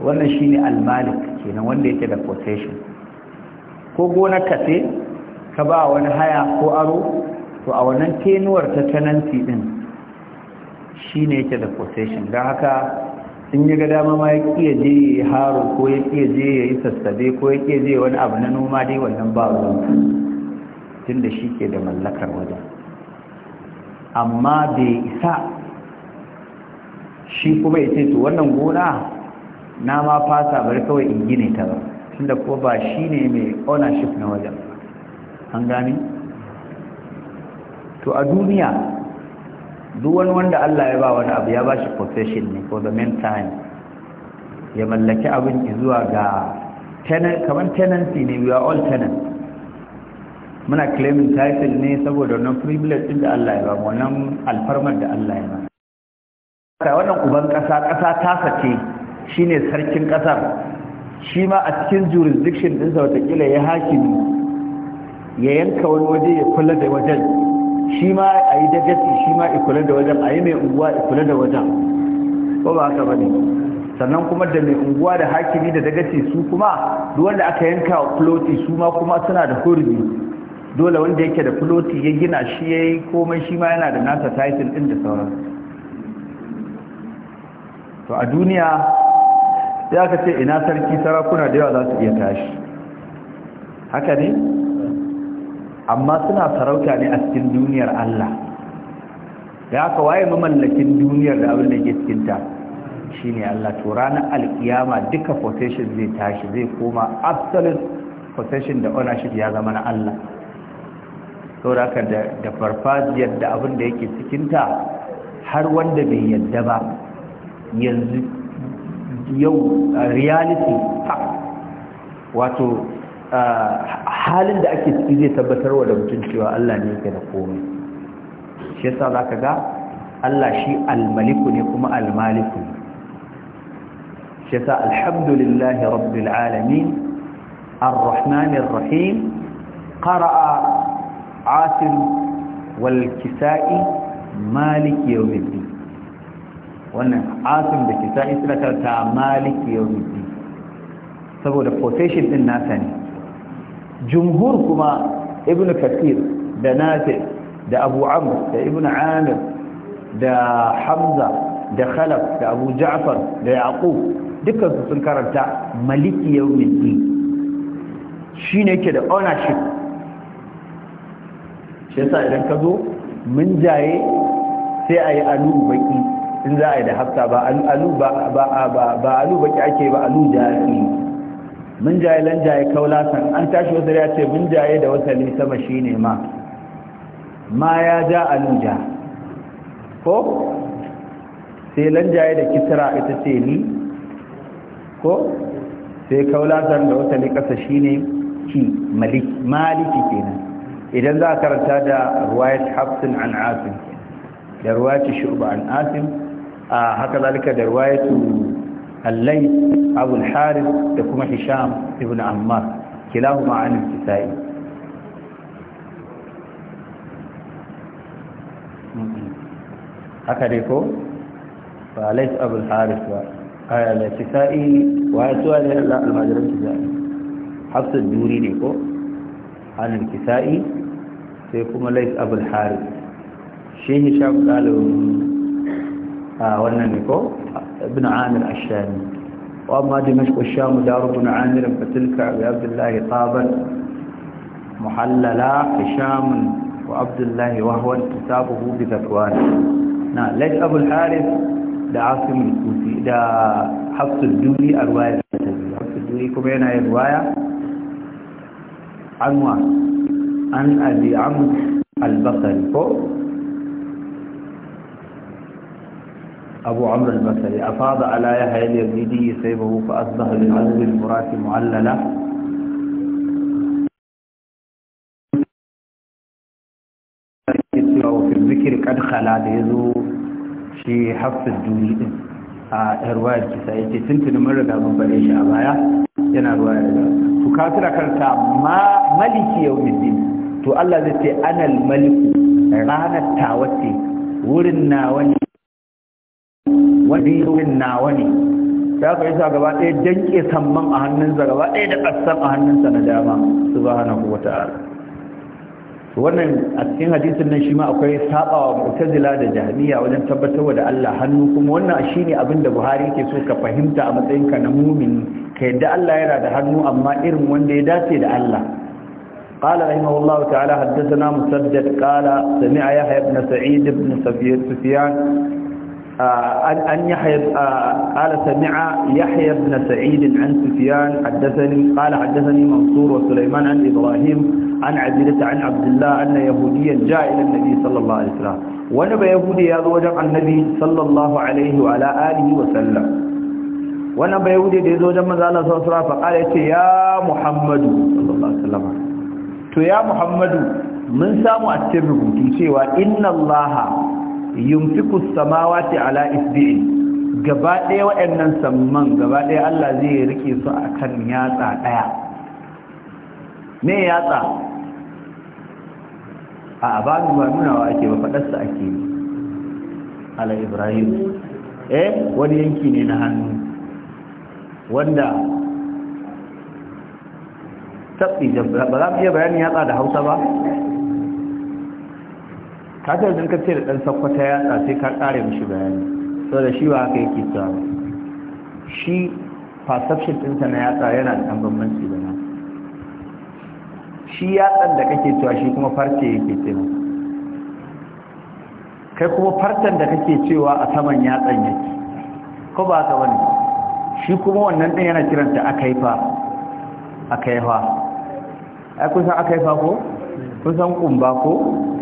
wannan shine al-malik kenan wanda yake da possession ko gonar ka ka ba wani haya ko aro to a wannan tenuwar ta tenancy din shine yake da possession don haka in yi ga dama ma ya kiye je haro ko ya kiye je ya yi sassabe ko ya kiye je wani abu na noma dai wannan ba wani tun da shi ke da mallakar wajen amma bai isa shi kuma ya ce to wannan gona na ma fasa bari kawai in gine ta ba tunda ko ba shi ne mai ownership na wajen an gani? to a duniya duk wani wanda Allah ya ba wani abu ya ba shi profession ne for the meantime ya mallaki abin zuwa ga tenant kamar tenancy ne we are all tenants muna claiming title ne saboda wannan privilege din da Allah ya ba mu wannan alfarmar da Allah ya ba kai wannan uban kasa kasa ta sace shine sarkin kasar shi ma a cikin jurisdiction din sa wata kila ya hakimi ya yanka wani waje ya kula da wajen shi ma a yi dagasi shi ma ya da wajen a yi mai unguwa ya da wajen ko ba haka ba ne sannan kuma da mai unguwa da hakimi da dagaci su kuma wanda aka yanka floti su ma kuma suna da hurbi dole wanda yake da floti ya gina shi ya yi komai shi ma yana da nasa title din da sauran to a duniya ya kace ce ina sarki sarakuna da yawa za su iya tashi haka ne amma suna sarauta ne a cikin duniyar Allah da aka waye mamallakin duniyar da abin da ke cikinta shi ne Allah to ranar alkiyama duka possession zai tashi zai koma absolute possession da ownership ya zama na Allah sauraka da farfajiyar da abin da yake cikinta har wanda bai yadda ba yanzu yau reality fact wato halin da ake ciki zai tabbatarwa da mutum cewa Allah ne yake da komai shi yasa zaka ga Allah shi al-maliku ne kuma al-maliku shi yasa alhamdulillahi rabbil alamin ar-rahmanir rahim qara'a asim wal kisa'i malik yawmiddin wannan asim da kisa'i suna karanta malik yawmiddin saboda quotation din nasa ne jumhur kuma ibn kathir da nafi da abu amr da ibn amir da hamza da khalaf da abu ja'far da yaqub dukansu sun karanta maliki yawmin shi ne ke da ownership shi yasa idan ka zo mun jaye sai ayi alu baki in za a yi da hafta ba ba alu baki ake ba alu jaye mun jaye lan jaye kaulasan an tashi wasu ya ce mun jaye da wasali sama shine ma ma ya ja a nuja ko sai lan jaye da kisra ita ce ni ko sai kaulasan da wasali kasa shine ki maliki maliki kenan idan za karanta da ruwayat hafsin an asim da ruwayat shu'ba an asim a haka zalika da ruwayat allai abul harith da kuma hisham ibn ammar kilahuma an al-kisa'i haka dai ko ba lais abul harith ba aya la kisa'i wa suwa ne Allah al-majran kisa'i hafsa duri ne ko an al-kisa'i sai kuma lais abul harith shi hisham dalibin a wannan ne ko بن عامر الشامي وأما دمشق الشام دار بن عامر فتلك بعبد الله طابا محللا هشام وعبد الله وهو كتابه بذكوان نعم لج أبو الحارث da asim al-kufi da hafsul duri a ruwaya da ta biyu hafsul duri kuma yana yin ruwaya anwa an abi amr al-basri ko أبو عمرو البصري أفاض على يحيى اليزيدي سيفه فأصبح بالعزم الفرات معللا وفي الذكر قد خلا da yazo shi hafsir duni din a ruwayar kisa yace tuntuni mun riga mun bare shi a baya yana ruwaya da to ka tura karta ma maliki yawmiddin to Allah zai ce anal maliku ranar tawace wurin nawa ne hadisin nawa ne ya ka isa gaba ɗaya danke samman a hannunsa gaba ɗaya da ƙasan a hannunsa na dama subhanahu wa ta'ala wannan a cikin hadisin nan shi ma akwai sabawa mu'tazila da jahmiya wajen tabbatarwa da Allah hannu kuma wannan shine abin da Buhari yake so ka fahimta a matsayinka na mumin ka yadda Allah yana da hannu amma irin wanda ya dace da Allah قال رحمه الله تعالى حدثنا مسدد قال سمع يحيى بن سعيد بن سفيان عن يحيى قال سمع يحيى بن سعيد عن سفيان حدثني قال حدثني منصور وسليمان عن إبراهيم عن عبيدة عن عبد الله أن يهوديا جاء إلى النبي صلى الله عليه وسلم ونبى يهودي يزوج عن النبي صلى الله عليه وعلى آله وسلم ونبى يهودي يزوج من الله صلى الله عليه وسلم فقال يا محمد صلى الله عليه وسلم تو يا محمد من سامو أتبعكم تيشيوا إن الله yumfiku samawati ala isbi'i gaba ɗaya waɗannan samman gaba ɗaya Allah zai rike su akan yatsa ɗaya me yatsa a ba mu ba nuna wa ake ba faɗarsa ake ala ibrahim eh wani yanki ne na hannu wanda tabbi ba za mu iya bayani yatsa da hausa ba ka da ka ce da ɗan sakwata yatsa sai ka ƙare mishi bayani da shi ba haka yake cewa shi perception ɗinsa na yatsa yana da ɗan bambanci da shi yatsan da kake cewa shi kuma farce yake ce kai kuma farcen da kake cewa a saman yatsan yake ko ba ka wani shi kuma wannan ɗin yana kiranta yi fa, yi fa, ai kusan fa ko kusan kumba ko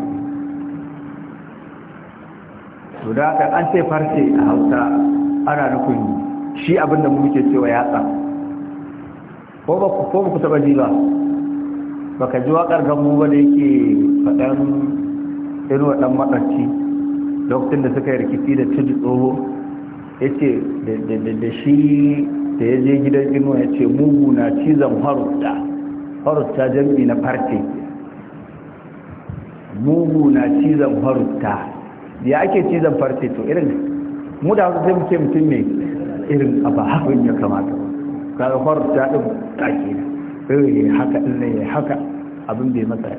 to da an ce farce a hausa ana nufin shi abinda mu muke cewa yatsa ko ba ku taba ji ba baka ji wakar gamu ba da yake faɗan irin wadan madarci lokacin da suka yi rikici da tudu tsoho ya ce da shi da ya je gidan inuwa ya ce mugu na cizon harutta harutta jam'i na farce mugu na cizon harutta ya ake cizon farce to irin mu da sai muke mutum ne irin abu hakan ya kamata kaga farar ta ɗin take ne eh, haka ɗin ne haka abin bai masa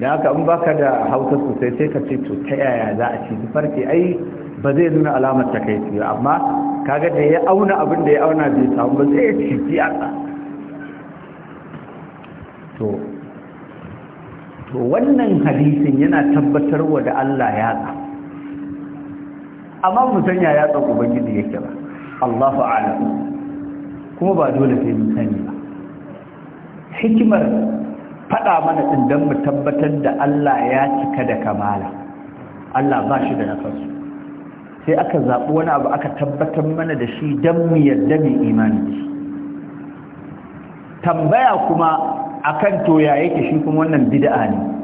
da haka in baka da hausa sosai sai ka ce to ta yaya za a ci farce ai ba zai nuna alamar ta kai ba amma kaga da ya auna abin da ya auna bai samu ba zai ya ci siyasa to wannan hadisin yana tabbatarwa da Allah ya tsaka amma mu san yaya tsan ubangiji yake ba Allahu a'lam kuma ba dole sai mun sani ba hikimar fada mana din dan mu tabbatar da Allah ya cika da kamala Allah ba shi da nakasu sai aka zabi wani abu aka tabbatar mana da shi dan mu yarda mu imani shi tambaya kuma akan to ya yake shi kuma wannan bid'a ne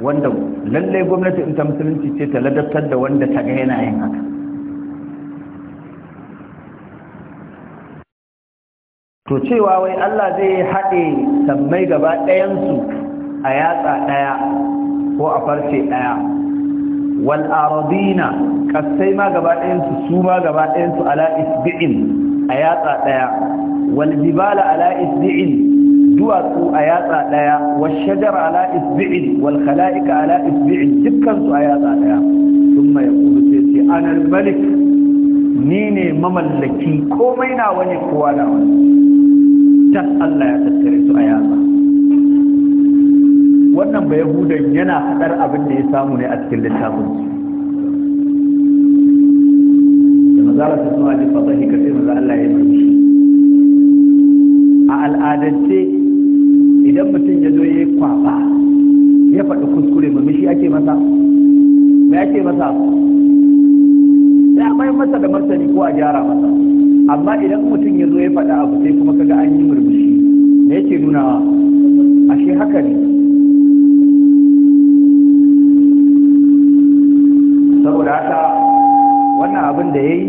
wanda lallai gwamnati in ta musulunci ce ta ladabtar da wanda ta ga yana yin haka to cewa wai Allah zai haɗe sammai gaba ɗayansu a yatsa ɗaya ko a farce ɗaya wal aradina kasai ma gaba ɗayansu su ma gaba ɗayansu ala isbi'in a yatsa ɗaya wal jibala ala isbi'in duwatsu a yatsa ɗaya wa shajar ala isbi'i wal khala'ika ala isbi'i dukkan su a yatsa ɗaya. daya thumma yaqulu sai ce ana malik ni ne mamallaki komai na wani kowa da wani tas Allah ya tattare su a yatsa wannan ba yahudan yana hadar abin da ya samu ne a cikin littafin da mazara ta suna jin fasahi kasai maza Allah ya yi a al'adance masa sai akwai masa da martani ko a gyara masa amma idan mutum ya zo ya faɗa abu sai kuma kaga an yi murmushi me yake nunawa ashe haka ne saboda haka wannan abin da ya yi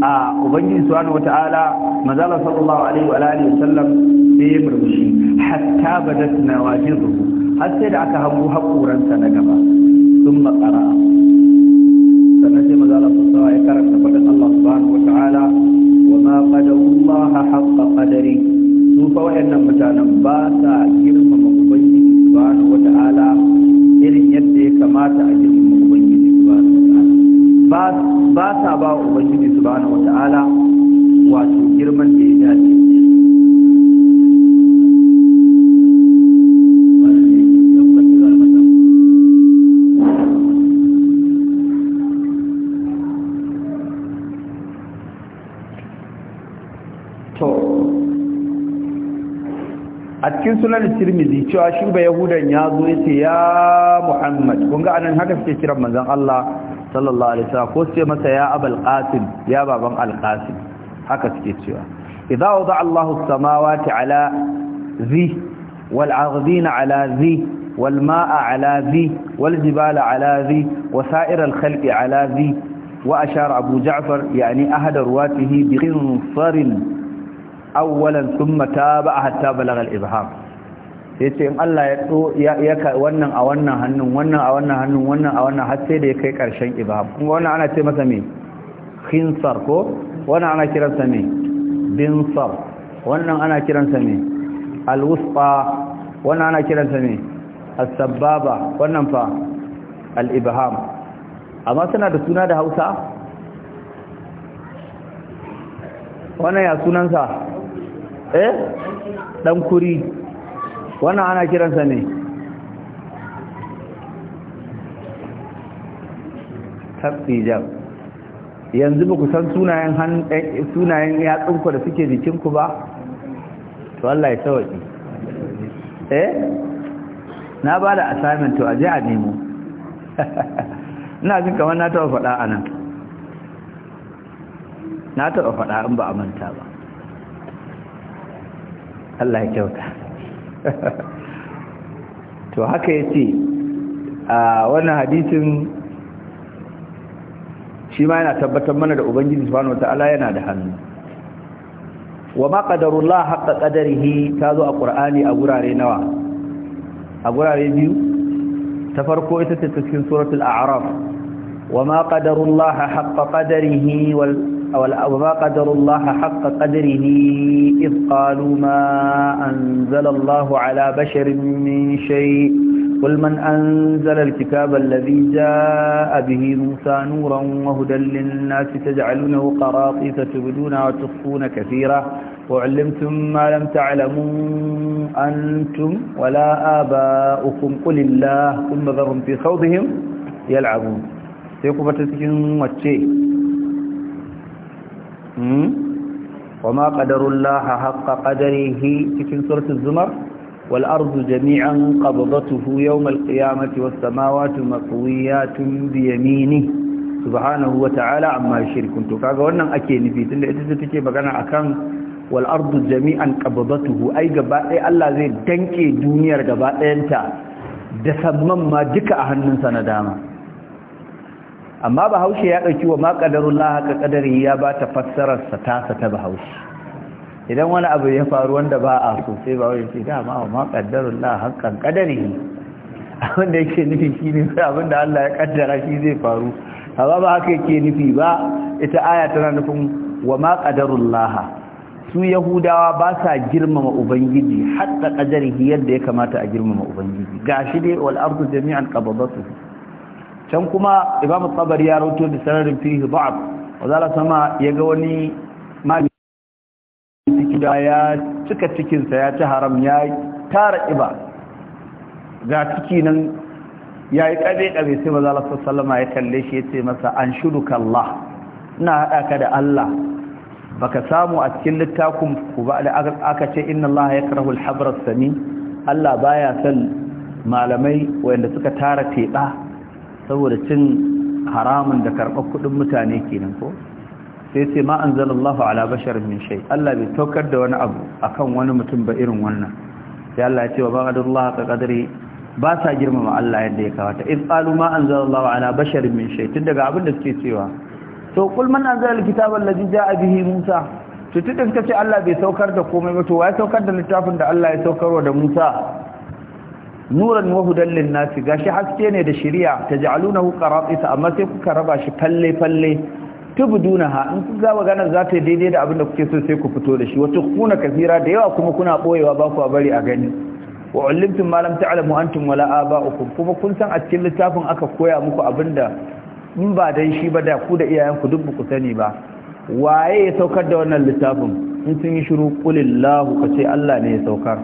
a ubangiji subhanahu wata'ala mazala sallallahu alaihi wa alihi sallam sai ya murmushi hatta badat nawajizuhu har sai da aka hango haƙuransa na gaba cikin sunan tirmidhi cewa shi ba yahudan ya zo yace ya muhammad kun ga anan haka suke kiran manzon Allah sallallahu alaihi wasallam ko sai masa ya abul qasim ya baban al qasim haka suke cewa idza wada Allahu samawati ala zi wal ardina ala zi wal ma'a ala zi wal jibala ala zi wa sa'ir al khalqi ala zi wa ashara abu ja'far yani ahada ruwatihi bi qinfarin awwalan thumma taba hatta balagha al-ibham ya ce in Allah ya wannan a wannan hannun wannan a wannan hannun wannan a wannan har sai da ya kai ƙarshen ibab kuma wannan ana ce masa mai khinsar ko wannan ana kiransa mai binsar wannan ana kiransa mai alwusfa wannan ana kiransa mai Asababa wannan fa al amma suna da suna da Hausa wannan ya sunansa eh ɗan kuri wannan ana kiransa ne tafijab yanzu ba ku san sunayen eh, sunayen yatsunku da suke jikinku ba to Allah ya sauki eh na ba da assignment to aje a nemo ina jin kamar na taɓa faɗa a nan na taɓa faɗa in ba a manta ba Allah ya kyauta to haka ya ce a wannan hadisin shi ma yana tabbatar mana da ubangiji subhanahu wata'ala yana da hannu wa ma qadarullah haqqa qadarihi tazo a qur'ani a gurare nawa a gurare biyu ta farko ita ce cikin suratul a'raf wa ma qadarullah haqqa qadarihi wal وما قدر الله حق قدره إذ قالوا ما أنزل الله على بشر من شيء قل من أنزل الكتاب الذي جاء به موسى نورا وهدى للناس تجعلونه قراطيس تبدون وتخفون كثيرا وعلمتم ما لم تعلموا أنتم ولا آباؤكم قل الله ثم ذرهم في خوضهم يلعبون سيقفت سكن وشيء wa ma qadarullaha haqqa qadarihi cikin suratul zumar wal ardu jami'an qabdatuhu yawm al qiyamati was samawati maqwiyatun bi yamini subhanahu wa ta'ala amma shirkun to kaga wannan ake nufi tunda ita take magana akan wal ardu jami'an qabdatuhu ai gaba ɗaya Allah zai danƙe duniyar gaba da sabman ma duka a hannunsa na dama amma bahaushe ya ɗauki wa maƙadarullah haka ƙadari ya ba ta fassararsa tasa ta bahaushe idan wani abu ya faru wanda ba a so sai bahaushe ce dama wa maƙadarullah hakan ƙadari abinda yake nufi shi ne abinda Allah ya ƙaddara shi zai faru amma ba haka yake nufi ba ita aya tana nufin wa maƙadarullah su yahudawa ba sa girmama ubangiji hatta ƙadari yadda ya kamata a girmama ubangiji gashi dai wal jami'an qabadatuhu can kuma imam tabari ya rawaito da sararin fihi da'af wazala sama ya ga wani mali da ya cika cikinsa ya ci haram ya tara iba ga ciki nan ya yi ƙabe-ƙabe sai wazala sallama ya kalle shi ya ce masa an shudu kalla'. ina haɗa ka da Allah baka samu a cikin littafin ku ba da aka ce inna Allah ya karahul habar sami Allah baya son malamai wanda suka tara teɓa saboda cin haramun da karɓar kuɗin mutane kenan ko sai sai ma an zala Allah ala bashar min shai Allah bai saukar da wani abu a kan wani mutum ba irin wannan sai Allah ya ce wa ba'adullah ka kadari ba sa girmama Allah yadda ya kawata in qalu ma an zala Allah ala bashar min shai tun daga abin da suke cewa to kul man anzala alkitaba allazi ja'a bihi Musa to tun da kace Allah bai saukar da komai ba to wai saukar da littafin da Allah ya saukarwa da Musa nuran wa hudan linnasi gashi haske ne da shari'a taj'alunahu qaratisa amma sai kuka raba shi falle falle tubdunaha in ku ga magana za ta daidai da abin da kuke so sai ku fito da shi wa kuna kafira da yawa kuma kuna boyewa ba ku bari a gani wa ulimtum ma lam ta'lamu antum wala aba'ukum kuma kun san a cikin littafin aka koya muku abinda in ba dan shi ba da ku da ku duk baku ku sani ba waye ya saukar da wannan littafin in sun yi shiru kulillahu kace Allah ne ya saukar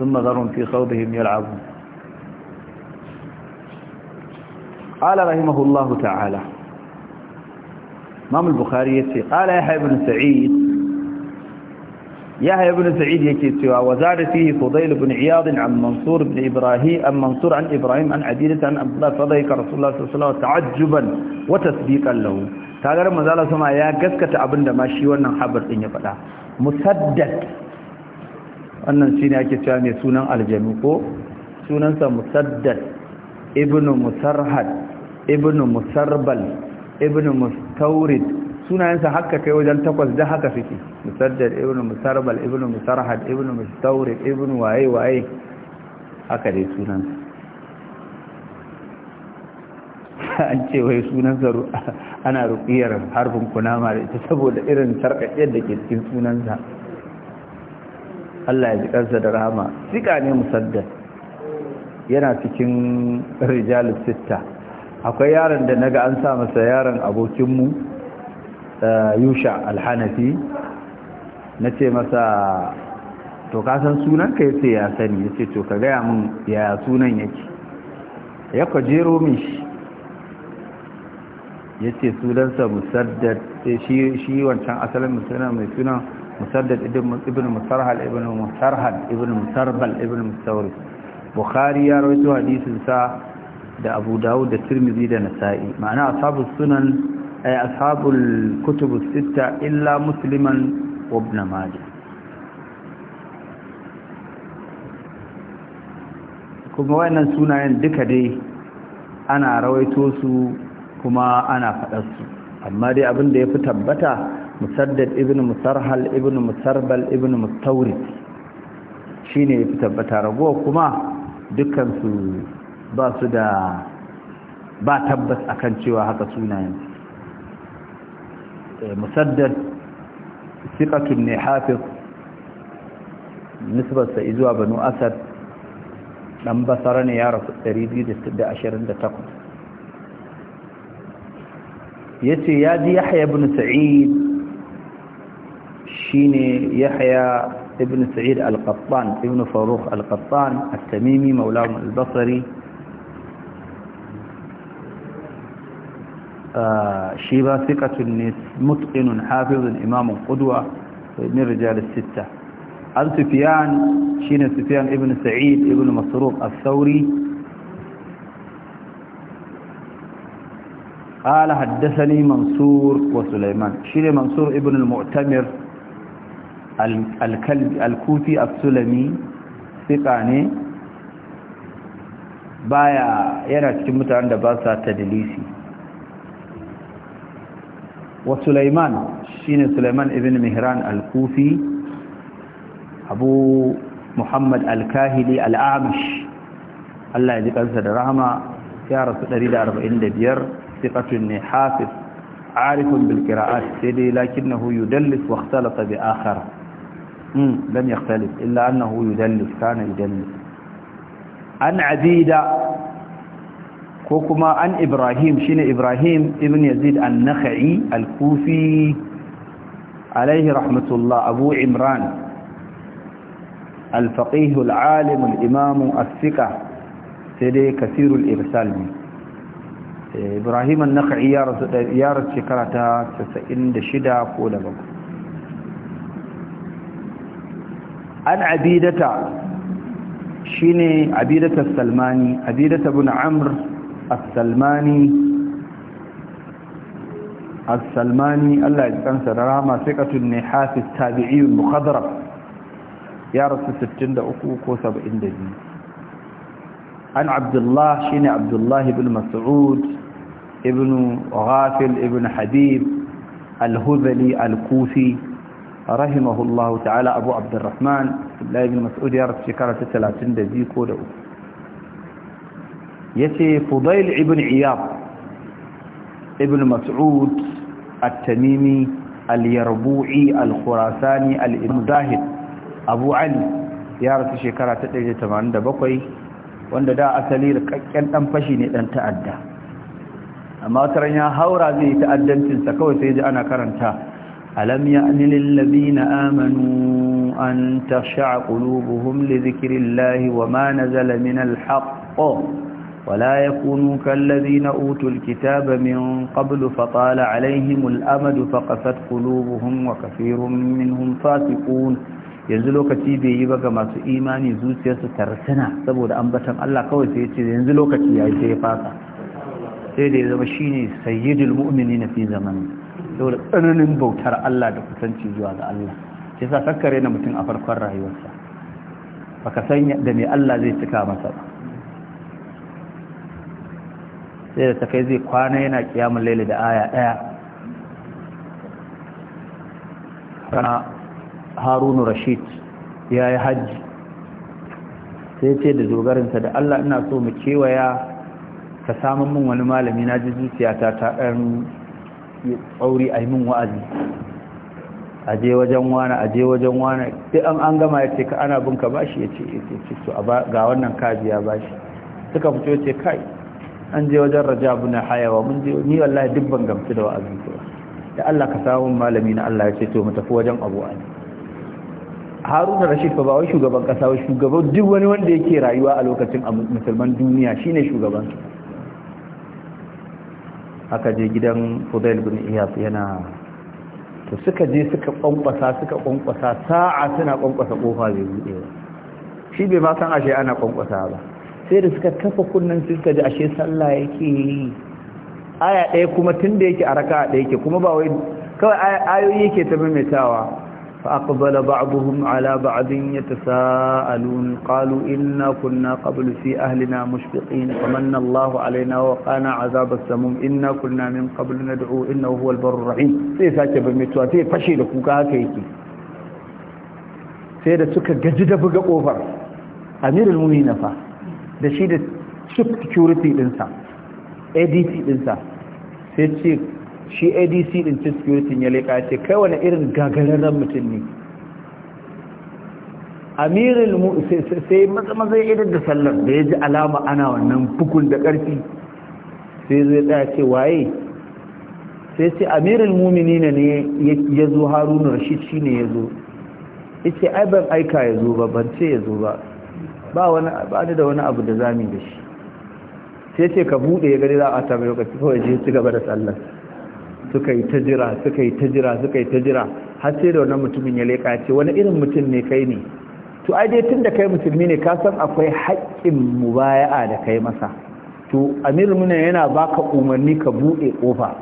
ثم ذرهم في خوضهم يلعبون qala rahimahullahu ta'ala imam al-bukhari yace qala yahya ibn sa'id yahya ibn sa'id yake cewa wa zada fihi fudayl ibn iyad an mansur ibn ibrahim an mansur an ibrahim an adidah an abdullah fadayka rasulullah sallallahu lahu kagar ya gaskata abinda ma shi wannan habar din ya faɗa musaddad wannan shine ake cewa mai sunan aljami ko sunansa musaddad ibn musarhad ibn musarbal ibn mustaurid sunayensa haka kai wajen takwas da haka fiki musaddad ibn musarbal ibn musarhad ibn mustaurid ibn waye waye haka dai sunansa an ce wai sunansa ana rukiyar harfin kunama da ita saboda irin sarƙaƙe da ke cikin sunansa Allah ya ji ƙarsa da rahama sika ne musaddad yana cikin rijalus sitta akwai yaron da naga an sa masa yaron abokinmu eh, yusha alhanafi na ce masa to kasan sunan ka yace ya sani yace to ka gaya min ya sunan yake ya kwajero min shi yace sunansa musaddad eh, shi shi wancan asalin musulman mai suna musaddad ibn musarhal ibn musarhal ibn musarbal ibn mustawri bukhari ya rawaito hadisin sa da abu dawud da tirmidhi da nasa'i ma'ana ashabu sunan ay ashabul kutub sitta illa musliman wa ibn majah kuma wayannan sunayen duka dai ana rawaito su kuma ana faɗar su amma dai abin da ya fi tabbata musaddad ibn musarhal ibn musarbal ibn mustawrid shine yafi tabbata ragowa kuma dukkan su ba su da ba tabbas akan cewa haka sunayen musaddad siqatun ne hafiz nisbarsa izuwa banu asad dan basara ne ya rasu 228 yace ya ji yahya ibn sa'id shine yahya ibn sa'id al-qattan ibn farukh al-qattan at-tamimi mawlahum al-basri shi ba sikatun ne mutqinun hafizun imamun qudwa min rijal as-sittah an sufyan shine sufyan ibn sa'id ibn masruq as-sauri قال حدثني منصور وسليمان شير al ابن المعتمر الكلب الكوفي السلمي ثقاني baya yana cikin mutanen da ba sa tadlisi وسليمان شين سليمان ابن مهران الكوفي ابو محمد الكاهلي الاعمش الله يجزيك الرحمه يا رسول 145 ثقه حافظ عارف بالقراءات سيدي لكنه يدلس واختلط باخر لم يختلف الا انه يدلس كان يدلس أن عبيده ko kuma an ibrahim shine ibrahim ibn yazid an-nakhai al-kufi alaihi rahmatullah abu imran al-faqih al-alim al-imam as-thiqa sai dai kasirul irsal eh, ibrahim an-nakhai ya rasu ya rasu shekara 96 ko da bakwai an abidata shine abidata salmani abidata ibn amr السلماني السلماني الله يتقنس الرامة ثقة النحاس التابعي المخضرة يا رب ستين دعوكو سبعين دجين عن عبد الله شين عبد الله بن مسعود ابن غافل ابن حبيب الهذلي الكوفي رحمه الله تعالى ابو عبد الرحمن الله بن مسعود يا رسل شكرا ستلاتين دجين كو دعوكو yace fudail ibn iyab ibn mas'ud at-tamimi al-yarbu'i al-khurasani al abu ali ya rasu shekara ta 187 wanda da asali rikakken dan fashi ne dan ta'adda amma taran ya haura zai ta'addancin sa kawai sai ji ana karanta alam ya'ni lil ladina amanu an tasha'a qulubuhum li dhikrillahi wa ma nazala min al-haqq ولا يكونوا كالذين أوتوا الكتاب من قبل فطال عليهم Fakasat, فقفت قلوبهم وكثير منهم فاسقون yanzu lokaci bai yi ba ga masu imani zuciyarsu tarsana saboda ambatan Allah kawai sai ce yanzu lokaci yayi sai ya fasa sai da ya zama shine sayyidul mu'mini na fi zaman saboda tsananin bautar Allah da kusanci zuwa ga Allah sai sa na mutum a farkon rayuwarsa baka san da me Allah zai cika masa ba sai da ta kai zai kwana yana kiyamun laili da aya ɗaya kana harunu rashid ya yi hajji sai ce da dogarinsa da allah ina so mu kewaya ka samun min wani malami na ji zuciya ta ɗan tsauri a yi min wa'azi a je wajen wana a je wajen wana sai an an gama ya ce ka ana bin ka bashi ya ce ga wannan kajiya bashi suka fito ce kai an je wajen raja abu na hayawa mun je ni wallahi duk ban gamsu da wa'azin ko da Allah ka samu malami na Allah ya ce to mu tafi wajen Abu Ali Haruna Rashid fa ba wai shugaban kasa ba shugaban duk wani wanda yake rayuwa a lokacin musulman duniya shine shugaban aka je gidan Fudail bin Iyas yana to suka je suka kwankwasa suka kwankwasa sa'a suna kwankwasa kofa bai bude ba shi bai ma san ashe ana kwankwasa ba sai da suka kafa kunnan suka ji ashe sallah yake aya ɗaya kuma tun da yake a raka kuma ba wai kawai ayoyi yake ta mamitawa fa aqbala ba'dhum ala ba'din yatasaalun qalu inna kunna qablu fi ahlina mushfiqin famanna Allahu alaina wa qana azab as-samum inna kunna min qablu nad'u innahu huwal barur rahim sai sake mamitawa sai fashe da kuka haka yake sai da suka gaji da buga kofar amirul mu'minin fa da shi da chief security dinsa adc dinsa sai ce shi adc din chief security ya leka ce kai wani irin gagararren mutum ne amirul sai maza ya idar da sallar da ya ji alama ana wannan bukun da ƙarfi sai zai tsaya ce waye sai ce amirul muminina ne ya zo haruna rashid ne ya zo ya ce ai ban aika ya zo ba ban ce ya zo ba ba wani ba da wani abu da zamu da shi sai ce ka bude ya gari za a ta lokaci kawai je ci gaba da sallar suka yi ta jira suka yi ta jira suka yi ta jira har sai da wani mutumin ya leka ce wani irin mutum ne kai ne to ai dai tunda kai musulmi ne ka san akwai haƙƙin mubaya'a da kai masa to amir muna yana baka umarni ka bude kofa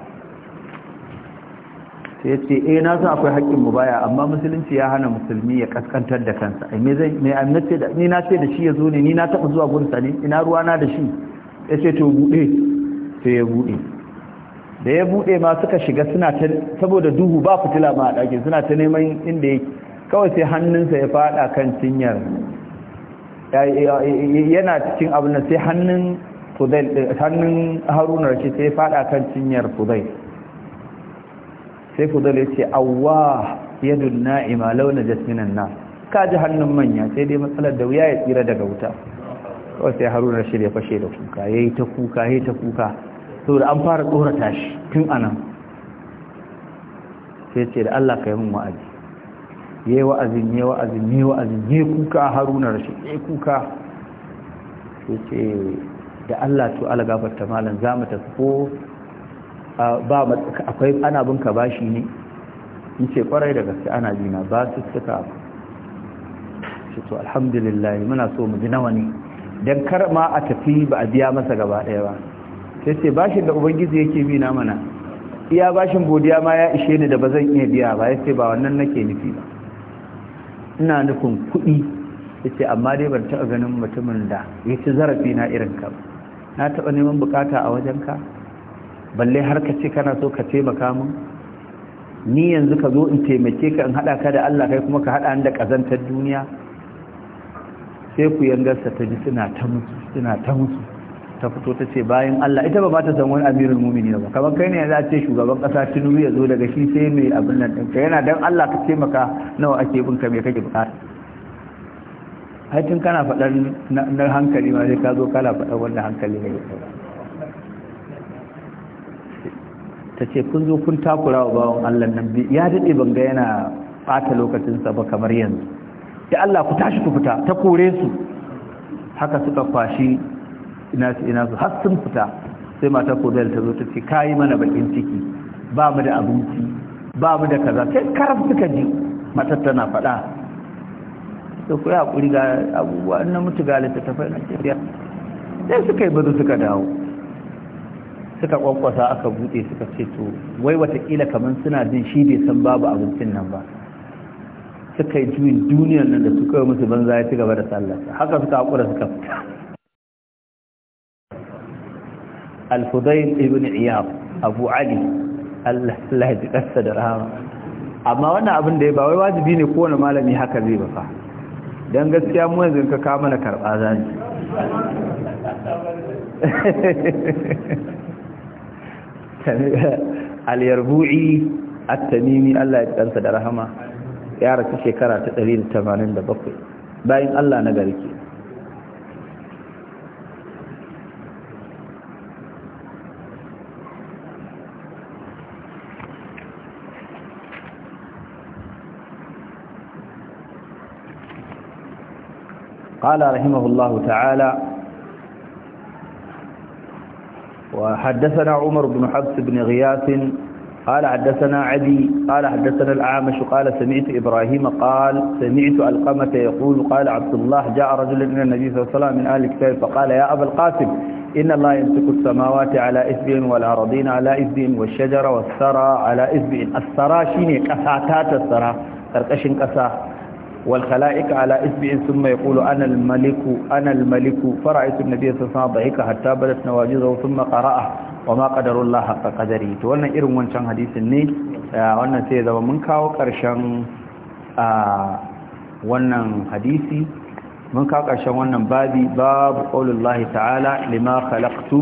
sai ce eh na san akwai haƙƙin mu baya amma musulunci ya hana musulmi ya kaskantar da kansa ai me zai me amince da ni na ce da shi ya zo ne ni na taɓa zuwa gurin sa ne ina ruwa na da shi yace to bude sai ya bude da ya bude ma suka shiga suna ta saboda duhu ba fitila ma a ɗakin suna ta neman inda yake kawai sai hannunsa ya fada kan cinyar yana cikin abin nan sai hannun fudai eh, hannun haruna rashi sai ya fada kan cinyar fudai sai ku ya ce awwa yadun na'ima launa jasminan na ka ji hannun manya sai dai matsalar da wuya ya tsira daga wuta kawai sai haruna shi ya fashe da kuka ya yi ta kuka ya yi ta kuka saboda an fara tsorata shi tun anan sai ce da allah ka yi min wa'azi ya yi wa'azin ya wa'azin ya wa'azin ya kuka haruna rashi ya yi kuka sai ce da allah to ala gafarta malam za mu tafi ko ba akwai ana bin ka bashi ne in ce kwarai da gaske ana jina ba su suka to alhamdulillah muna so mu ji nawa ne dan kar ma a tafi ba a biya masa gaba daya ba sai ce bashin da ubangiji yake bi na mana iya bashin godiya ma ya ishe ni da bazan iya biya ba yace ba wannan nake nufi ba ina nufin kuɗi yace amma dai ban taɓa ganin mutumin da ya zarafi na irin ka na taɓa neman bukata a wajenka balle har ka ce kana so ka taimaka min ni yanzu ka zo in taimake ka in haɗa ka da Allah kai kuma ka haɗa da ƙazantar duniya sai ku yangarsa ta ji suna ta musu suna ta musu ta fito ta ce bayan Allah ita ba ba ta san wani amirul mumini ba kamar kai ne za ce shugaban kasa tinubu ya zo daga shi sai mai abin nan ka yana dan Allah ka taimaka nawa ake bin ka me kake bukata haitin kana faɗar na hankali ma sai ka zo kana faɗar wannan hankali ne ya ta ce kun zo kun takura wa bawan Allah nan ya daɗe ban ga yana ɓata lokacinsa ba kamar yanzu ya Allah ku tashi ku fita ta kore su haka suka kwashi ina su ina su har sun fita sai mata kodayar ta zo ta ce kayi mana bakin ciki ba mu da abinci ba mu da kaza sai karaf suka ji matar tana faɗa da ku ya haƙuri ga abubuwa na mutu ta littattafai na tafiya sai suka yi bazu suka dawo suka kwankwasa aka buɗe suka ce to wai watakila kamar suna jin shi bai san babu abincin nan ba suka yi juyin duniyar nan da suka yi musu banza ya ci gaba da sallarsa haka suka haƙura suka fita alfudai ibn iyab abu ali allah ji ƙasa da rahama amma wannan abin da ya ba wai wajibi ne kowane malami haka zai ba fa don gaskiya mu yanzu ka kama na karɓa zani al-yarbu'i at-tamimi Allah ya tsansa da rahama ya rasu shekara ta 187 bayan Allah na garke قال رحمه الله تعالى وحدثنا عمر بن حفص بن غياث قال حدثنا عدي قال حدثنا الأعمش قال سمعت إبراهيم قال سمعت القمة يقول قال عبد الله جاء رجل من النبي صلى الله عليه وسلم من أهل الكتاب فقال يا أبا القاسم إن الله يمسك السماوات على إثب والأرضين على إثب والشجر والثرى على إثب الثرى شيني كساتات الثرى تركشن كسا والخلائق على اسمه ثم يقول انا الملك انا الملك فرأيت النبي صلى الله عليه وسلم ضحك حتى بدت نواجذه ثم قرأه وما قدر الله حق قدره تو wannan irin wancan hadisin ne wannan sai zama mun kawo karshen wannan hadisi mun kawo karshen wannan babi babu qaulullahi ta'ala lima khalaqtu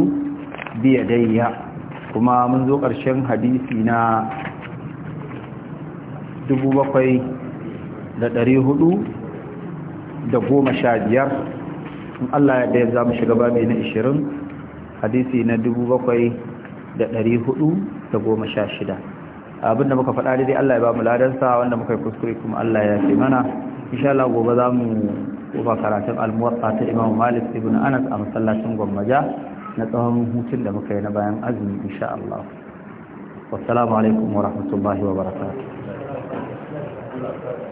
bi yadayya kuma mun zo karshen hadisi na 7700 da ɗari hudu da goma sha biyar in Allah ya daya za mu shiga babi na ishirin hadisi na dubu bakwai da hudu da goma sha shida abinda muka faɗa daidai Allah ya ba mu ladansa wanda muka yi kuskure kuma Allah ya yafe mana insha Allah gobe za mu kuma karatun almuwatsa ta Imam Malik ibn Anas a masallacin Gwammaja na tsawon hutun da muka yi na bayan azumi insha Allah wassalamu alaikum wa rahmatullahi wa barakatuh